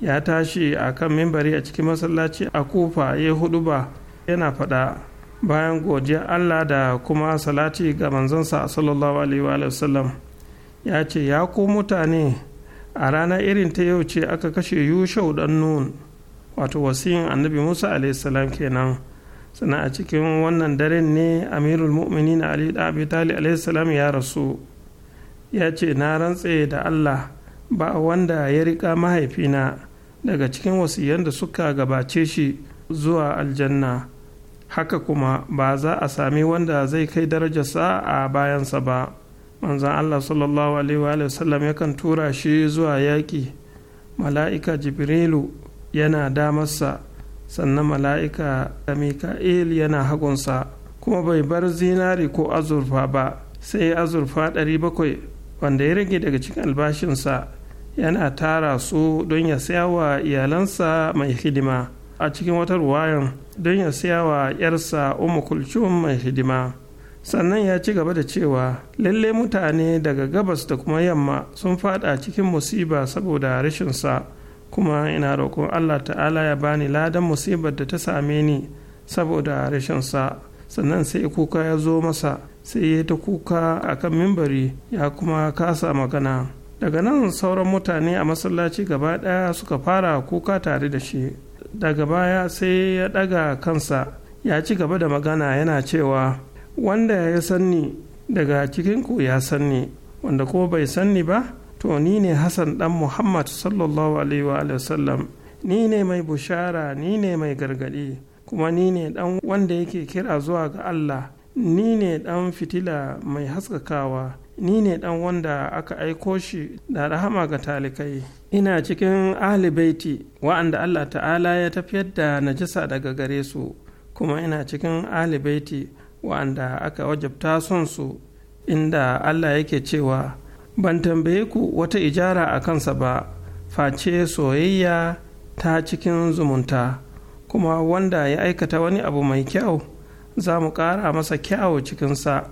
ya tashi a kan mimbari a cikin masallaci a kufa ya hudu ba yana faɗa bayan godiya Allah da kuma salati ga manzansa sallallahu alaihi wa sallam ya ce ya ku mutane a rana irin ta yau ce aka kashe yushau dan nun wato wasiyin annabi musa alaihi salam kenan sannan a cikin wannan daren ne amirul mu'minin ali da abi talib ya rasu ya ce na rantse da allah ba wanda ya riƙa mahaifina daga cikin wasiyan da suka gabace shi zuwa aljanna haka kuma ba za a sami wanda zai kai darajarsa a bayansa ba manzan allah sallallahu alaihi wa yakan tura shi zuwa yaƙi mala'ika jibrilu yana damarsa sannan mala'ika da mika'il yana hagunsa kuma bai bar zinari ko azurfa ba sai azurfa 700 wanda ya rage daga cikin albashinsa yana tara su don ya saya wa iyalansa mai hidima a cikin wata ruwayan don ya saya wa yarsa umu kulcum mai hidima sannan ya ci gaba da cewa lalle mutane daga gabas da kuma yamma sun fada cikin musiba saboda rashinsa kuma ina roƙon allah ta'ala ya bani ladan musibar da ta same ni saboda rashinsa sannan sai kuka ya zo masa sai ya ta kuka a kan mimbari ya kuma kasa magana daga nan sauran mutane a masallaci gaba ɗaya suka fara kuka tare da shi daga baya sai ya ɗaga kansa ya ci gaba da magana yana cewa wanda ya sanni daga cikinku ya sanni wanda ko bai sanni ba to ni ne hassan dan muhammad sallallahu alaihi wa sallam ni ne mai bushara ni ne mai gargadi kuma ni ne dan wanda yake kira zuwa ga allah ni ne dan fitila mai haskakawa ni ne dan wanda aka aiko shi da rahama ga talikai ina cikin ahli wa'anda allah ta'ala ya tafiyar da najasa daga gare su kuma ina cikin ahli wa'anda aka wajabta son su inda allah yake cewa ban tambaye ku wata ijara a kansa ba face soyayya ta cikin zumunta kuma wanda ya aikata wani abu mai kyau za mu ƙara masa kyau cikinsa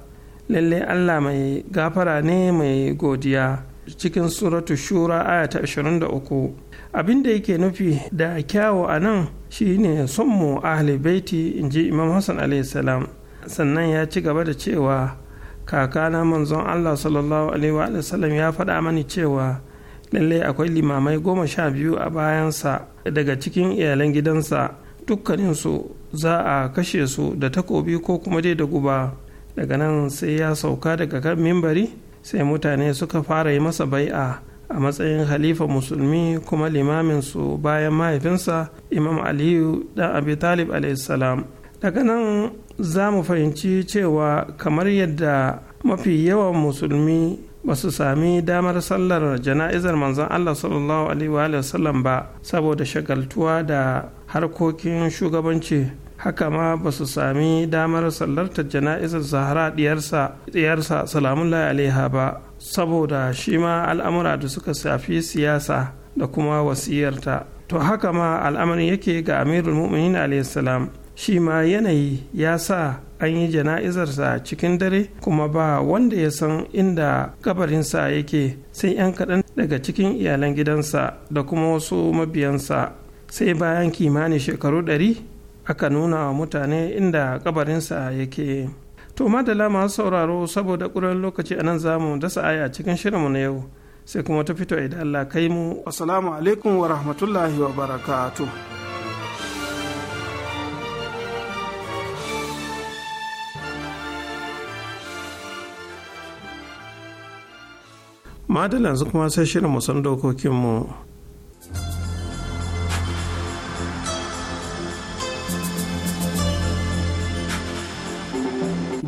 lalle allah mai gafara ne mai godiya cikin suratu shura aya ta 23 abin da yake nufi da kyawu a nan shine son mu ahli baiti in ji imam hassan a.s. sannan ya ci gaba da cewa kakana manzon allah sallallahu alaihi wa sallam ya faɗa mani cewa lallai akwai limamai goma sha biyu a bayansa daga cikin iyalan gidansa dukkaninsu za a kashe su da takobi ko kuma dai da guba daga nan sai ya sauka daga kan mimbari sai mutane suka fara yi masa bai'a a matsayin halifa musulmi kuma limaminsu bayan mahaifinsa imam aliyu dan abi talib salam daga nan za mu fahimci cewa kamar yadda mafi yawan musulmi ba su sami damar sallar jana'izar manzon Allah sallallahu alaihi ba saboda shagaltuwa da harkokin shugabanci haka ma ba su sami damar sallartar jana'izar zahara diyarsa diyarsa salamullahi alaiha ba saboda shi ma al'amura da suka shafi siyasa da kuma wasiyarta to haka ma al'amarin yake ga amirul mu'minin alaihi shi ma yanayi ya sa an yi jana'izarsa cikin dare kuma ba wanda ya san inda kabarinsa yake sai 'yan kaɗan daga cikin iyalan gidansa da kuma wasu mabiyansa sai bayan kimanin shekaru ɗari aka nuna wa mutane inda kabarinsa yake to madala masu sauraro saboda ƙuran lokaci a nan zamu dasa aya cikin shirinmu na yau sai kuma ta fito idan Allah kai mu assalamu alaikum wa rahmatullahi wa barakatuh madalla yanzu kuma sai shirin san dokokinmu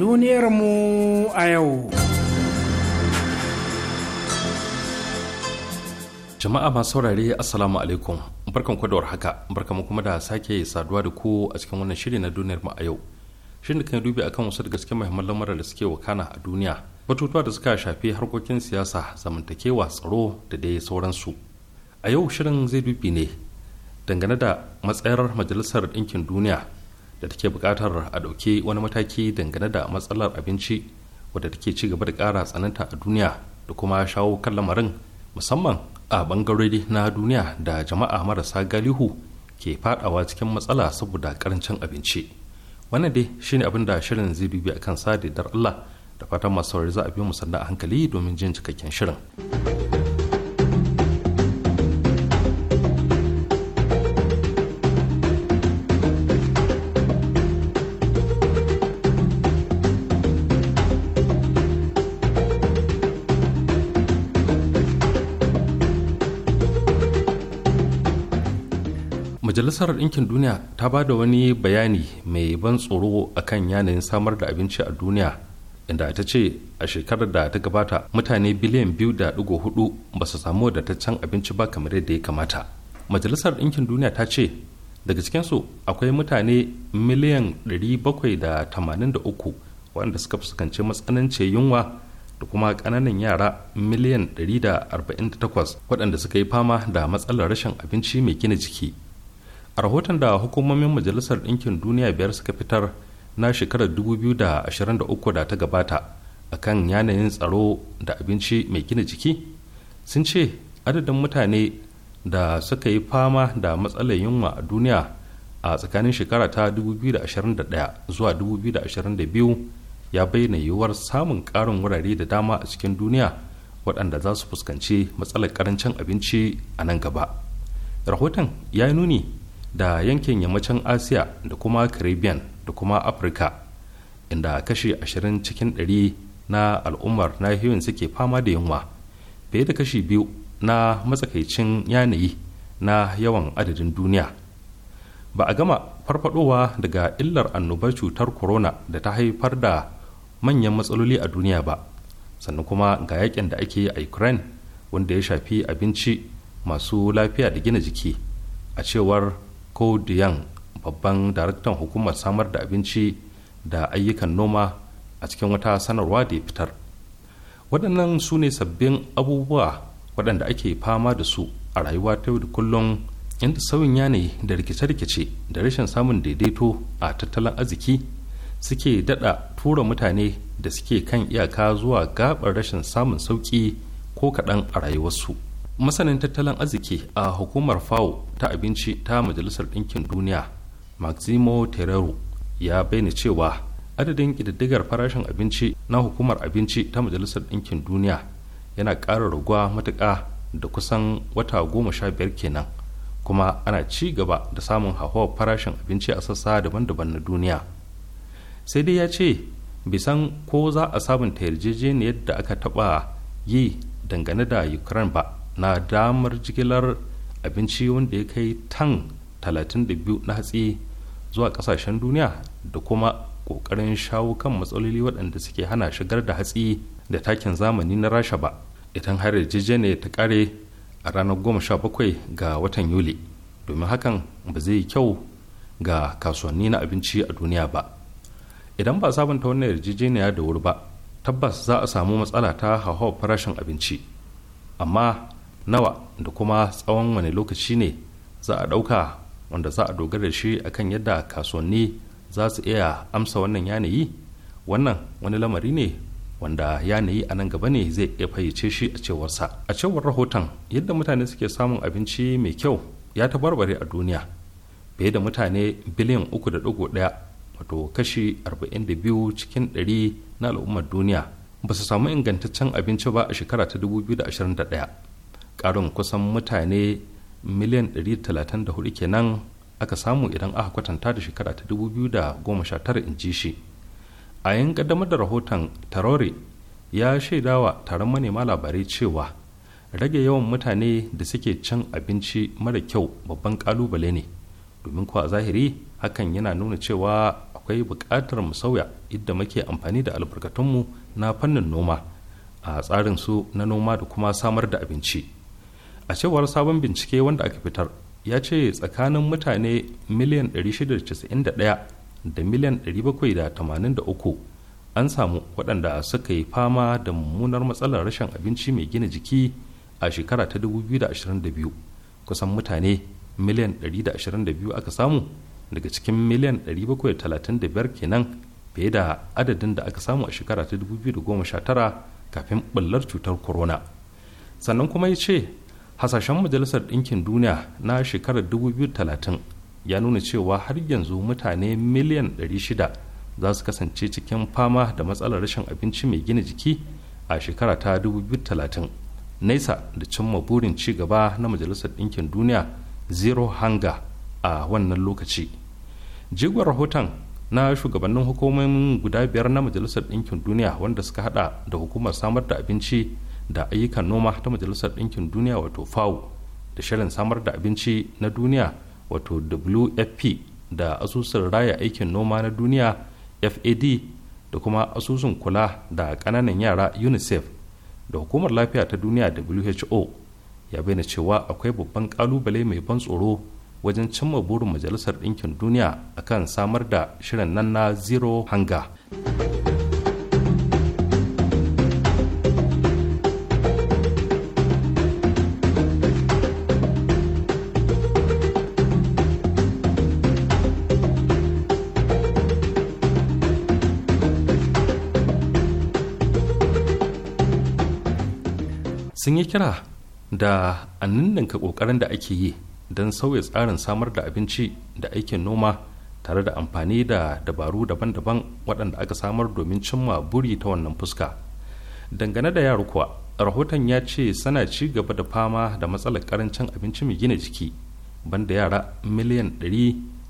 duniyarmu a yau jama'a masu saurare assalamu alaikum barkan ku da warhaka barkan kuma da sake saduwa da ku a cikin wannan shiri na duniyar mu a yau shirin da kan dubi akan wasu da gaske muhimman lamura da suke wakana a duniya batutuwa da suka shafi harkokin siyasa zamantakewa tsaro da dai sauransu a yau shirin zai dubi ne dangane da matsayar majalisar ɗinkin duniya da take buƙatar a ɗauki wani mataki dangane da matsalar abinci wadda take ci gaba da ƙara tsananta a duniya da kuma shawo kan lamarin musamman a bangarori na duniya da jama'a marasa galihu ke fadawa cikin matsala saboda karancin abinci wannan dai shine abin da shirin zai dubi a kan sadidar Allah da fatan masu saurari za a biyo mu hankali domin jin cikakken shirin. majalisar ɗinkin duniya ta ba da wani bayani mai ban tsoro akan yanayin samar da abinci a duniya inda ta ce a shekarar da ta gabata mutane biliyan biyu da dugu hudu ba su samu wadataccen abinci ba kamar yadda ya kamata majalisar ɗinkin duniya ta ce daga cikinsu akwai mutane miliyan da uku wanda suka fuskanci matsananciyar yunwa da kuma ƙananan yara miliyan da 148 waɗanda suka yi fama da matsalar rashin abinci mai gina jiki a rahoton da hukumomin majalisar ɗinkin duniya biyar suka fitar na shekarar 2023 da ta gabata a kan yanayin tsaro da abinci mai gina jiki sun ce adadin mutane da suka yi fama da matsalar yunwa a duniya a tsakanin shekara ta 2021 zuwa 2022 ya bayyana yiwuwar samun ƙarin wurare da dama a cikin duniya waɗanda za su fuskanci matsalar ƙarancin abinci a nan gaba rahoton ya nuni da yankin yammacin asiya da kuma caribbean da kuma afirka inda kashi ashirin cikin 100 na al'ummar nahiyoyin suke fama da yunwa fiye da kashi biyu na matsakaicin yanayi na yawan adadin duniya ba a gama farfadowa daga illar annobar cutar corona da ta haifar da manyan matsaloli a duniya ba sannan kuma ga yakin da ake yi a ukraine wanda ya shafi abinci masu lafiya da gina jiki a cewar Kodiyan. babban daraktan hukumar samar da abinci da ayyukan noma a cikin wata sanarwa da ya fitar waɗannan su ne sabbin abubuwa waɗanda ake fama da su a rayuwa ta yau da kullum inda sauyin yanayi da rikice-rikice da rashin samun daidaito a tattalin arziki suke daɗa tura mutane da suke kan iyaka zuwa gaɓar rashin samun sauƙi ko kaɗan a rayuwarsu masanin tattalin arziki a hukumar fawo ta abinci ta majalisar ɗinkin duniya maximo terero ya bayyana cewa adadin ƙididdigar farashin abinci na hukumar abinci ta majalisar ɗinkin duniya yana ƙara raguwa matuƙa da kusan wata goma sha biyar kenan kuma ana ci gaba da samun hauhawar farashin abinci a sassa daban-daban na duniya sai dai ya ce bisan ko za a sabunta yarjejeniyar da aka taɓa yi dangane da ukraine ba na damar jigilar abinci wanda ya kai tan 32 na hatsi zuwa kasashen duniya da kuma kokarin shawo kan matsaloli waɗanda suke hana shigar da hatsi da takin zamani na rasha ba idan har yarjejeniyar ta kare a ranar 17 ga watan yuli domin hakan ba zai yi kyau ga kasuwanni na abinci a duniya ba idan ba sabunta wannan yarjejeniya da wuri ba tabbas za a samu matsala ta hauhawar farashin abinci amma nawa da kuma tsawon wani lokaci ne za a ɗauka wanda za a dogara da shi akan yadda kasuwanni za su iya amsa wannan yanayi wannan wani lamari ne wanda yanayi a nan gaba ne zai iya fayyace shi a cewarsa a cewar rahoton yadda mutane suke samun abinci mai kyau ya tabarbare a duniya fiye da mutane biliyan 3.1 wato kashi 42 cikin 100 na al'ummar duniya ba su samu ingantaccen abinci ba a shekara ta 2021 ƙarin kusan mutane miliyan 134 kenan aka samu idan aka kwatanta da shekara ta 2019 in ji shi a yin kaddamar da rahoton tarore ya shaidawa taron manema labarai cewa rage yawan mutane da suke cin abinci mara kyau babban kalubale ne domin kuwa zahiri hakan yana nuna cewa akwai buƙatar mu sauya idda muke amfani da albarkatunmu na fannin noma a tsarin su na noma da kuma samar da abinci a cewar sabon bincike wanda aka fitar ya ce tsakanin mutane miliyan 691 da miliyan 783 an samu waɗanda suka yi fama da mummunar matsalar rashin abinci mai gina jiki a shekara ta 2022 kusan mutane miliyan 122 aka samu daga cikin miliyan 735 kenan fiye da adadin da aka samu a shekara ta 2019 kafin bullar cutar corona sannan kuma ya ce hasashen majalisar ɗinkin duniya na shekarar 2030 ya nuna cewa har yanzu mutane miliyan 600 za su kasance cikin fama da matsalar rashin abinci mai gina jiki a shekara ta 2030 nesa da cimma burin ci gaba na majalisar ɗinkin duniya zero hunger a wannan lokaci jigon rahoton na shugabannin hukumomin guda biyar na majalisar ɗinkin duniya wanda suka hada da hukumar samar da abinci da ayyukan noma ta majalisar ɗinkin duniya wato fao da shirin samar da abinci na duniya wato wfp da asusun raya aikin noma na duniya fad da kuma asusun kula da ƙananan yara unicef da hukumar lafiya ta duniya who ya bayyana cewa akwai babban ƙalubale mai ban tsoro wajen cimma burin majalisar ɗinkin duniya akan samar da shirin nan na zero hunger sun yi kira da a ninninka ƙoƙarin da ake yi don sauya tsarin samar da abinci da aikin noma tare da amfani da dabaru daban-daban waɗanda aka samar domin cimma buri ta wannan fuska dangane da yaro kuwa rahoton ya ce sana ci gaba da fama da matsalar karancin abinci mai gina jiki banda yara miliyan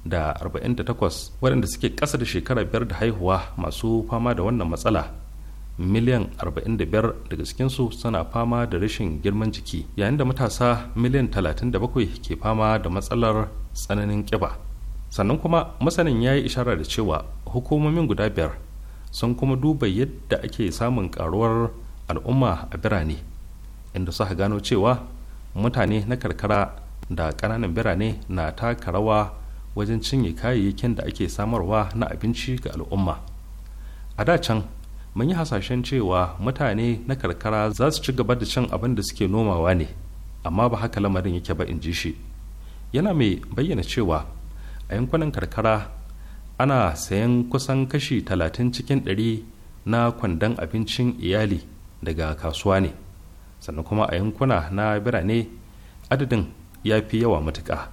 148 waɗanda suke ƙasa da shekara biyar da haihuwa masu fama da wannan matsala miliyan 45 daga cikinsu suna fama da rashin girman jiki yayin da matasa miliyan 37 ke fama da matsalar tsananin ƙiba sannan kuma masanin ya yi ishara da cewa hukumomin guda biyar sun kuma duba yadda ake samun karuwar al'umma a birane inda su gano cewa mutane na karkara da ƙananan birane na taka rawa wajen cinye kayayyakin da ake samarwa na abinci ga al'umma a da can mun yi hasashen cewa mutane na karkara za su ci gaba da cin abin da suke nomawa ne amma ba haka lamarin yake ba in ji shi yana mai bayyana cewa a yankunan karkara ana sayan kusan kashi talatin cikin ɗari na kwandon abincin iyali daga kasuwa ne sannan kuma a yankuna na birane adadin ya fi yawa matuka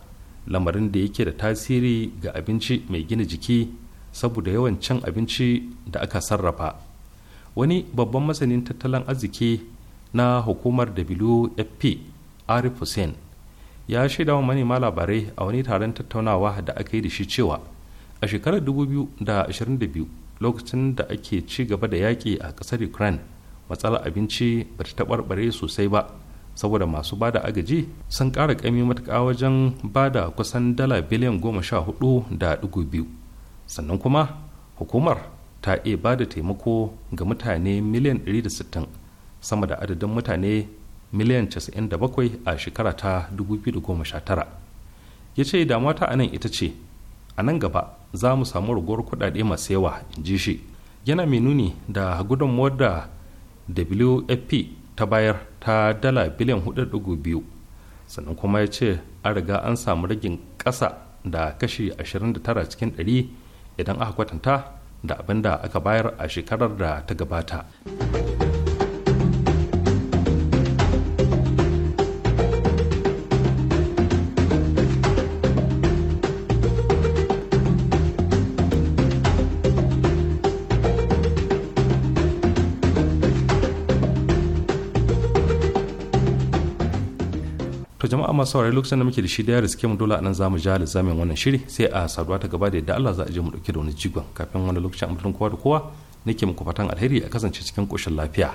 lamarin da yake da tasiri ga abinci mai gina jiki saboda yawan cin abinci da aka sarrafa wani babban masanin tattalin arziki na hukumar wfp arif hussein ya shaida wa manema labarai a wani taron tattaunawa da aka yi da shi cewa a shekarar 2022 lokacin da ake ci gaba da yaƙi a ƙasar ukraine matsalar abinci ba ta taɓarɓare sosai ba saboda masu bada agaji sun ƙara ƙami matuƙa wajen ba da kusan dala biliyan goma sha hudu da ɗigo biyu sannan kuma hukumar ta iya ba da taimako ga mutane miliyan 160 sama da adadin mutane miliyan 97 a shekara ta 2019 ya ce damuwa ta anan ita ce a nan gaba za mu samu raguwar kudade masu yawa in ji shi yana mai nuni da gudunmuwar da wfp ta bayar ta dala biliyan 4.2 sannan kuma ya ce an riga an samu ragin ƙasa da kashi 29 cikin 100 idan aka kwatanta da abin da aka bayar a shekarar da ta gabata. to jama'a masu saurari lokacin da muke da shi da yaris riske mu dole anan zamu ja lizamin wannan shiri sai a saduwa ta gaba da yadda Allah za a je mu dauke da wani jigon kafin wani lokacin amfanin kowa da kowa nake muku fatan alheri a kasance cikin koshin lafiya.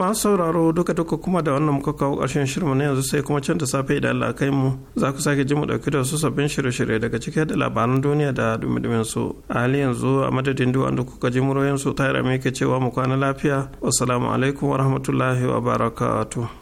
masu sauraro duka duka kuma da wannan muka kawo ƙarshen shirma na yanzu sai kuma can da safe idan Allah kai mu za ku sake ji mu dauki da su sabbin shirye-shirye daga cike da labaran duniya da dumi su a hali yanzu a madadin duk wanda kuka ji muryoyin su ta yi ke cewa mu kwana lafiya wassalamu alaikum warahmatullahi wabarakatuh